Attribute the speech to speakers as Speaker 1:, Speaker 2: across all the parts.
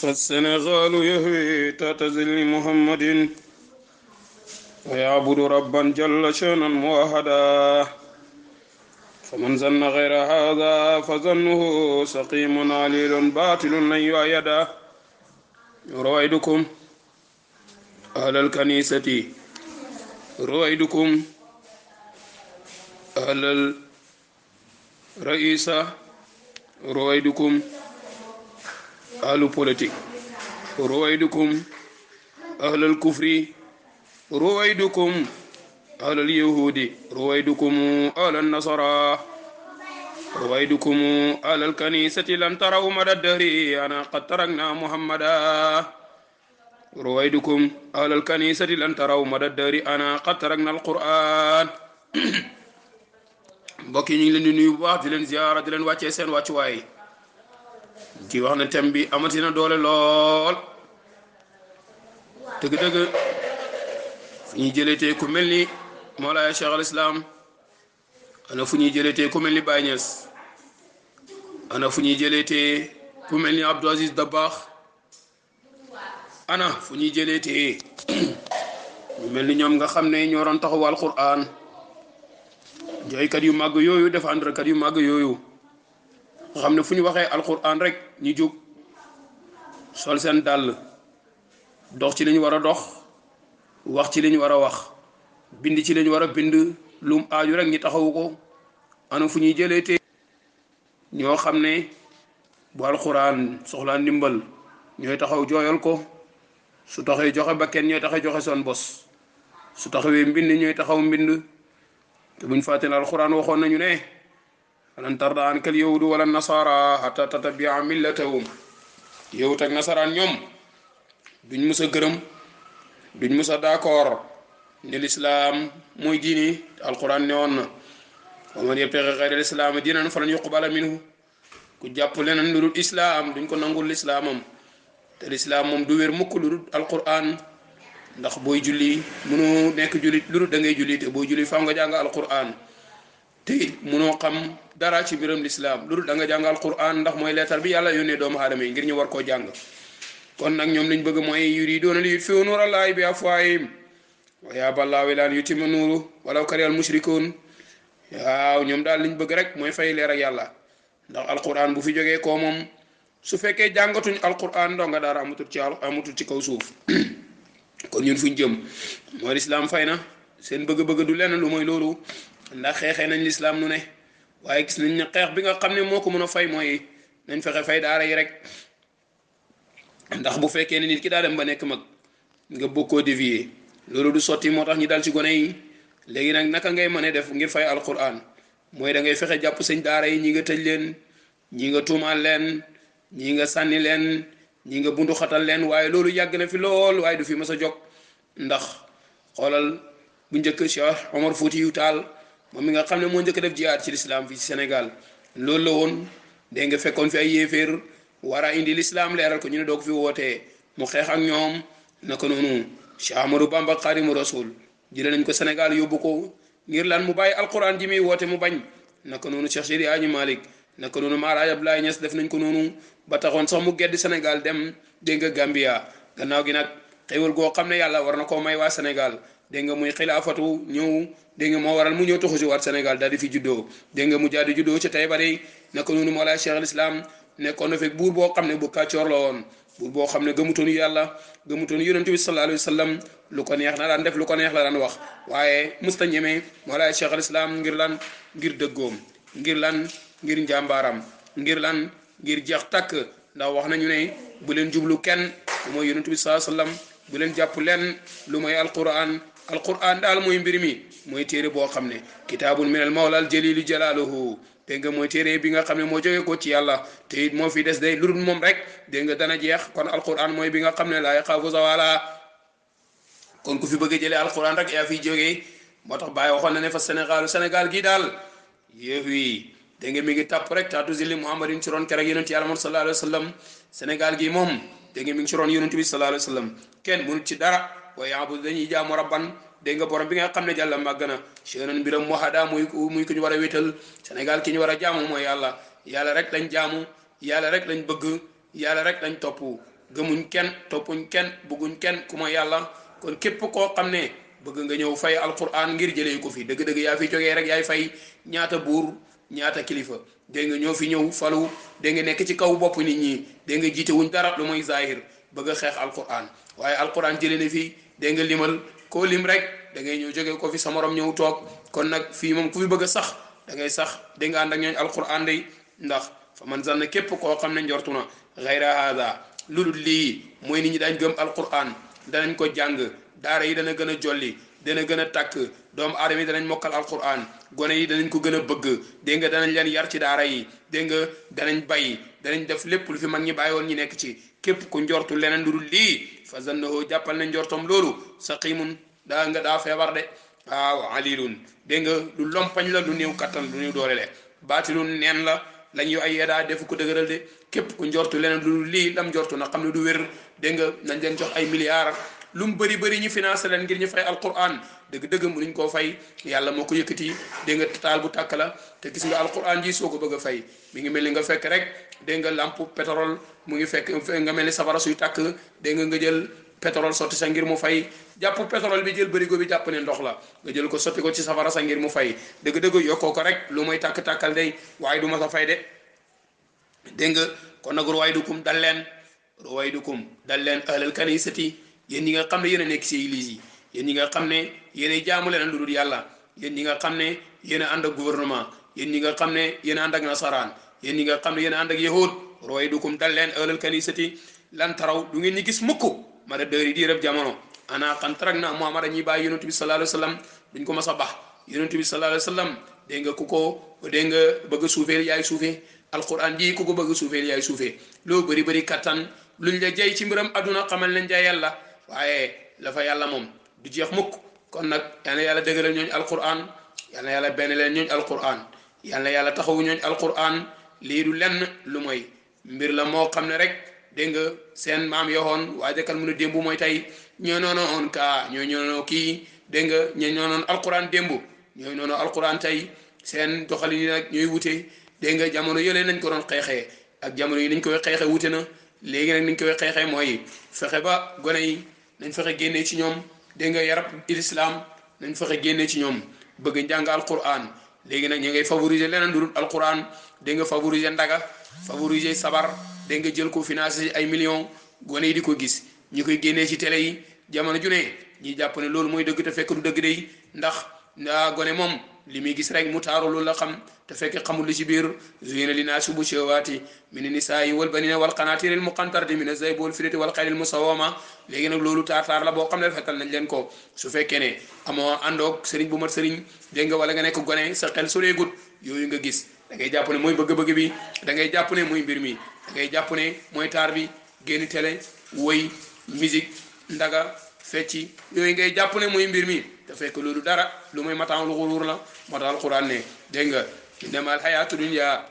Speaker 1: فالسنغال يهوي تتزل محمد ويعبد ربا جل شانا موحدا فمن ظن غير هذا فظنه سقيم عليل باطل لن يؤيدا رويدكم أهل الكنيسة رويدكم أهل الرئيسة رويدكم ahlu politique ruwaydukum ahlal kufri ruwaydukum ahlal yahudi ruwaydukum ahlal nasara ruwaydukum ahlal kanisati lam taraw mada dahri ana qad tarakna muhammada ruwaydukum ahlal kanisati lam taraw mada dahri ana qad tarakna alquran mbokk yi ñu ngi leen di nuyu bu baax di leen ziyaara di leen wàccee seen wàccuwaay kii wax na thème bi amatina doole lool dëgg-dëgg fu ñuy jëleetee ku mel ni Mawlaaya Cheikh al Islam ana fu ñuy jëleetee ku mel ni Baye Niass ana fu ñuy jëleetee ku mel ni Abdou Aziz Dabakh ana fu ñuy jëleetee ñu mel ni ñoom nga xam ne ñoo doon taxawal Qur'an jooykat yu màgg yooyu défendre kat yu màgg yooyu. nga xam ne fu ñu waxee alxuraan rek ñu jóg sol seen dàll dox ci li ñu war a dox wax ci li ñu war a wax bind ci lañ ñu war a bind lum aaju rek ñi taxawu ko ana fu ñuy jëlee te ñoo xam ne bu alxuraan soxlaa ndimbal ñooy taxaw jooyal ko su taxee joxe ba kenn ñooy taxee joxe seen bos su taxawee mbind ñooy taxaw mbind buñ fàtte ne alxuraan waxoon nañu ne falan tarda anka al-yahudu wala nasara hatta tatabia millatahum yahut ak nasara ñoom duñ musa gërëm duñ musa d'accord ne l'islam mooy diini alquran ne woon na wa man ghayra islam diinan falan yuqbala minhu ku jàpp leneen lu dul islam duñ ko nangul l'islamam te l'islam moom du wér mukk lu dul alquran ndax booy julli mënoo nekk julit lu dul da ngay julli te julli nga alquran munoo xam dara ci mbiram lislaam loolu da nga jàngal Qur'an ndax mooy leetar bi yàlla yónnee doomu aadama yi ngir ñu war koo jàng kon nag ñoom liñ bëgg mooy yuriduuna li yutfiu nuura llaahi bi afwaahihim wa yaaba llaahu illaa an yutimma nuurahu walaw kariha al ñoom daal liñ bëgg rek mooy fay leer ak yàlla ndax Alqur'an bu fi jógee koo moom su fekkee jàngatuñ Alqur'an doo nga dara amatul ci amatul ci kaw suuf kon ñun fuñ jëm mooy lislaam fay na seen bëgg-bëgg du lenn lu mooy loolu. ndax xeexee nañ lislaam nu ne waaye gis nañ ne xeex bi nga xam ne moo ko mën a fay mooy nañ fexe fay daara yi rek ndax bu fekkee ne nit ki daa dem ba nekk mag nga bokkoo dévier loolu du sotti moo tax ñu dal ci gone yi léegi nag naka ngay mën def ngir fay alquran mooy da ngay fexe jàpp sëñ daara yi ñi nga tëj leen ñi nga tuumaal leen ñi nga sànni leen ñi nga bundu xatal leen waaye loolu yàgg na fi lool waaye du fi mësa jóg ndax xoolal bu njëkk cheikh omar fouti yu taal moom mi nga xam ne moo njëkk def jihaad ci lislaam fii senegal loolu la woon dégg nga fekkoon fi ay yéeféer war indi lislaam leeral ko ñu ne doog fi wootee mu xeex ak ñoom naka noonu Cheikh Amadou Bamba Xaadimu Rasuul jëlee nañ ko senegal yóbbu ko ngir lan mu bàyyi alquran ji muy woote mu bañ naka noonu Cheikh Seydi Aji Malick naka noonu Maalaay Ablaay Ñas def nañ ko noonu ba taxoon sax mu gedd Sénégal dem dégg nga Gambia gannaaw gi nag xéwal goo xam ne yàlla war na koo may waa Sénégal dégg nga muy xilaafatu ñëw dégg nga moo waral mu ñëw toxu si waat Sénégal daal di fi juddoo dégg nga mu jaadu juddoo ci Taïba day naka noonu Mawlaay Cheikh al Islam nekkoon boo xam ne bu kàccoor woon boo xam ne gëmutoon yàlla gëmutoon yonent bi sallallahu alayhi wa sallam lu ko neex na daan def lu ko neex la daan wax waaye musta ñeme Mawlaay Cheikh al Islam ngir lan ngir dëggoom ngir lan ngir njàmbaaram ngir lan ngir jeex takk ndax wax nañu ne bu leen jublu kenn lu mooy yonent bu leen jàpp lenn lu mooy alquran alquran daal mooy mbir mi mooy téere boo xam ne kitaabun min al mawla al jalilu jalaaluhu dégg nga mooy téere bi nga xam ne moo jógee ko ci yàlla te it moo fi des day lu moom rek dégg nga a jeex kon alquran mooy bi nga xam ne laa yaxaafu zawala kon ku fi bëgg a al alquran rek yaa fiy jógee moo tax Baye waxoon na ne fa Sénégal Sénégal gii daal yéef yi dégg nga mi ngi tàpp rek taatu zilli muhammadin ci roon keroog yonent yàlla moom sallallahu alayhi wa sallam Sénégal gi moom dégg nga mi ngi ci roon yonent bi sallallahu alayhi wa wa yaabudu dañuy a ban dégg nga borom bi nga xam ne jàlla màgg na chenan mbiram mohada muy muy ku ñu war a wéetal Sénégal ki ñu war a jaamu mooy yàlla yàlla rek lañ jaamu yàlla rek lañ bëgg yàlla rek lañ topp gëmuñ kenn toppuñ kenn bëgguñ kenn ku ma yàlla kon képp koo xam ne bëgg nga ñëw fay alquran ngir jëlee ko fi dëgg-dëgg yaa fi jogee rek yaay fay ñaata buur ñaata kilifa dégg nga ñoo fi ñëw falu dégg nekk ci kaw bopp nit ñi dégg nga jiite wuñ dara bëgg a xeex alquran waaye alquran jëlee ne fii dégg nga limal koo lim rek da ngay ñëw jóge ko fi sa morom ñëw toog kon nag fii moom ku fi bëgg a sax da ngay sax dégg nga ànd ak ñooñ alquran day ndax fa man zanna képp koo xam ne njortu na xayra haada lu lii mooy nit ñi daañ gëm alquran danañ ko jàng daara yi dana gën a jolli dana gën a tàkk doomu aadama yi danañ mokkal alquran gone yi danañ ko gën a bëgg dégg nga danañ leen yar ci daara yi dégg nga danañ bay danañ def lépp lu fi mag ñi bàyyi woon ñu nekk ci képp ku njortu leneen lu lii fa zannahoo jàppal na njortoom loolu saqimun daa nga daa feebar de waaw alilun dégg nga lu lompañ la lu néew kattan lu néew doole le baatilun neen la lañ yu ay yedaa ko dëgëral de képp ku njortu leneen lu dul lii lam njortu na xam ne du wér dégg nga nañ leen jox ay milliards lu mu bëri bëri ñu financé leen ngir ñu fay alquran dëgg-dëgg mënuñ koo fay yàlla moo ko yëkkati dégg nga taal bu tàkk la te gis nga alquran ji soo ko bëgg a fay mi ngi mel ni nga fekk rek dégg nga lampe pétrole mu ngi fekk nga mel ni safara suy tàkk dégg nga jël pétrole sotti sa ngir mu fay jàpp pétrole bi jël bërigo bi jàpp ne ndox la nga jël ko sotti ko ci safara sa ngir mu fay dëgg-dëgg yokkoo ko rek lu may tàkk-tàkkal day waaye du ma a fay de dégg nga kon nag ruwaay dal leen ruwaay du kum dal leen ahlal kanisati yéen ñi nga xam ne yéen a nekk si nga xam ne yéen a jaamu leneen lu dul yàlla yéen ñi nga xam ne yéen a ànd ak gouvernement yéen nga xam ne yéen a ànd ak nasaraan yéen ñi nga xam ne yéen a ànd ak yahud rooy dukum dal leen ëlal kanisati lan taraw du ngeen ñi mukk ma da dëri diirab jamono ana xan tarak na muhammad ñuy bàyyi yonent bi sallallahu alayhi wa sallam duñ ko mas a bax yonent bi sallallahu alayhi wa sallam dégg nga ku ko dégg nga bëgg a suufeel yaay suufee alquran ji ku ko bëgg a suufeel yaay suufee loo bëri bëri kattan luñ la jay ci mbiram aduna xamal leen waaye la yàlla moom du jeex mukk kon nag yal na yàlla dëgëral ñooñu alquran yal na yàlla benn leen ñooñu alquran yal na yàlla taxawu ñooñ ñooñu alquran lii du lenn lu mooy mbir la moo xam ne rek dégg nga seen maam yoxoon waa dëkkal mu ne démb mooy tey ñoo noonu on kaa ñoo noonu kii dégg nga ñoo noonu alquran démb ñooy noonu alquran tey seen doxalin yi nag ñooy wute dégg nga jamono yële nañ ko doon xeexee ak jamono yi nañ koy xeexee wute na léegi nag niñ koy xeexee mooy fexe ba gone yi nañ fexe génnee ci ñoom dégg nga yarab islam nañ fexe génnee ci ñoom bëgg njàng alquran léegi nag ñu ngay favoriser leneen dul alquran dégg nga favoriser ndaga favoriser sabar dégg nga jël ko finance ay millions gone yi di ko gis ñu koy génnee ci tele yi jamono ju ne ñi jàpp ne loolu mooy dëgg te fekk du dëgg day ndax ndaa ah, gone moom li muy gis rek mu taaru loolu la xam te fekk xamul li ci biir zuina li naa subu cewaati min nisaayi wal banina wal qanaatiri al muqantarati min azayb wal firati wal xayril musawama léegi nag loolu taar-taar la boo xam ne rafetal nañ leen ko su fekkee ne amoo àndoog sëriñ bu mat sëriñ dégg nga wala nga nekk gone sa xel soreegut yooyu nga gis da jàpp ne mooy bëgg-bëgg bi dangay ngay jàpp ne mooy mbir mi da ngay jàpp ne mooy taar bi génn télé woy musique ndaga fecci yooyu ngay jàpp ne mooy mbir mi te fekk loolu dara lu muy mataanul xuruur la moo tax alquran ne dégg nga innama alxayaatu dunya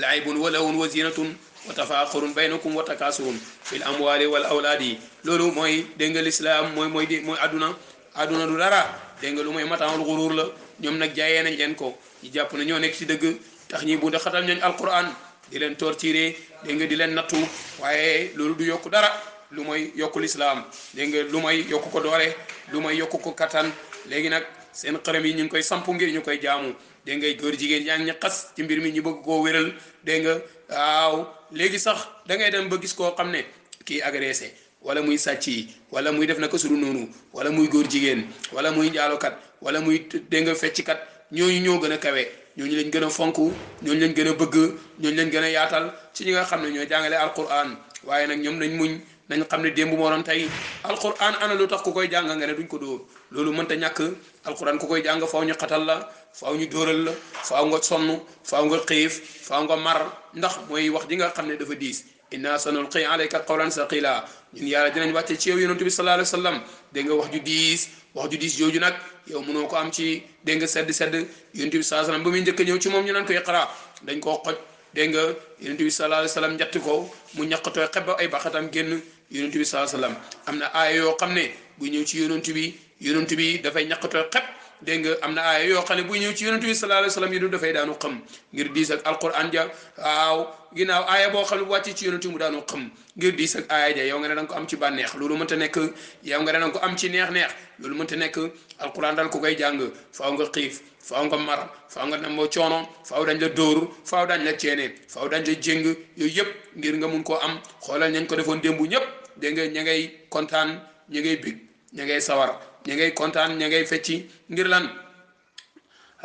Speaker 1: laibun wa lawun wa zinatun wa tafaaxurun baynakum wa takaasurun fil amwaali wal awlaadi loolu mooy dégg nga lislaam mooy mooy mooy adduna adduna du dara dégg nga lu muy mataanul xuruur la ñoom nag jaayee nañ leen ko ñu jàpp na ñoo nekk ci dëgg tax ñi bu de xatal ñooñ alquran di leen torturé dégg nga di leen nattu waaye loolu du yokku dara lu mooy yokku lislaam dégg nga lu mooy yokku ko doore lu mooy yokku ko kattan léegi nag seen xërëm yi ñu ngi koy sampu ngir ñu koy jaamu dégg nga góor jigéen yaa ngi xas ci mbir mi ñu bëgg koo wéral dégg nga waaw léegi sax da ngay dem ba gis koo xam ne kii agressé wala muy sàcc yi wala muy def ko suru noonu wala muy góor jigéen wala muy kat wala muy dégg nga fecckat ñooñu ñoo gën a kawe ñooñu lañ gën a fonk ñooñu lañ gën a bëgg ñooñu lañ gën a yaatal ci ñi nga xam ne ñoo jàngale alquran waaye nag ñoom nañ muñ nañ xam ne démb moo doon tey alquran ana lu tax ku koy jàng nga ne duñ ko dóor loolu mënta ñàkk alquran ku koy jàng faaw ñu xatal la faaw ñu dóoral la faaw nga sonn faaw nga xiif faaw nga mar ndax mooy wax ji nga xam ne dafa diis inna sanulqi alayka qawlan saqila ñun yàlla dinañ wàcce ci yow yonent bi sallallahu alayhi wa sallam dégg nga wax ju diis wax ju diis jooju nag yow mënoo ko am ci dégg nga sedd sedd yonent bi sallallahu alayhi wa njëkk ñëw ci moom ñu naan ko iqra dañ koo xoj dégg nga yonent bi sallallahu alayhi wasallam njatti ko mu ñaqatoo xeba ay baxatam génn yonent bi sallallahu alayhi wasallam am na aaya yoo xam ne bu ñëw ci yonent bi yonent bi dafay ñaqatoo xeb dégg nga am na aaya yoo xam ne buy ñëw ci yonentu bi sallallahu alayhi wasallam yi du dafay daanu xam ngir diis ak alquran ja waaw ginnaaw aaya boo xam ne bu wàccee ci yonentu mu daanu xam ngir diis ak aaya ja yow nga ne danga ko am ci bànneex loolu mënta nekk yow nga ne danga ko am ci neex-neex loolu mënta nekk alquran daal ku koy jàng faaw nga xiif faaw nga mar faaw nga nam moo coono faaw dañ la dóor faaw dañ la ceene faaw dañ la jéng yooyu yëpp ngir nga mun koo am xoolal ñañ ko defoon démbu ñëpp dégg nga ña ngay kontaan ña ngay bég ña ngay sawar ña ngay kontaan fecci ngir lan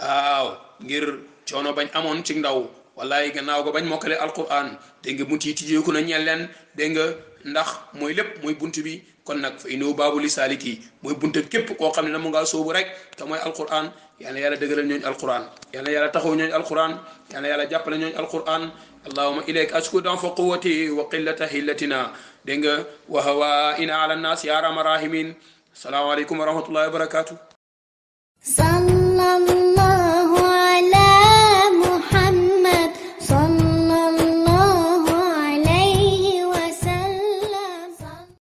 Speaker 1: aw ngir coono bañ amoon ci ndaw wallahi gannaaw ga bañ mokale alquran de nga muti yi jeeku na ñel len de nga ndax moy lépp moy buntu bi kon nak fa innahu babu lisaliki moy buntu kep ko koo xam ne mu ngaa sóobu rek te moy alquran yalla yàlla dëgëral ñoo alquran yalla yàlla taxaw ñoo alquran yalla yàlla jappal ñoo alquran اللهم إليك أشكو dan fa وقلة هلتنا qillata وهوائنا على الناس يا hawaina راهمين salamu alaikum wa rahmatullahi wa barakatuh.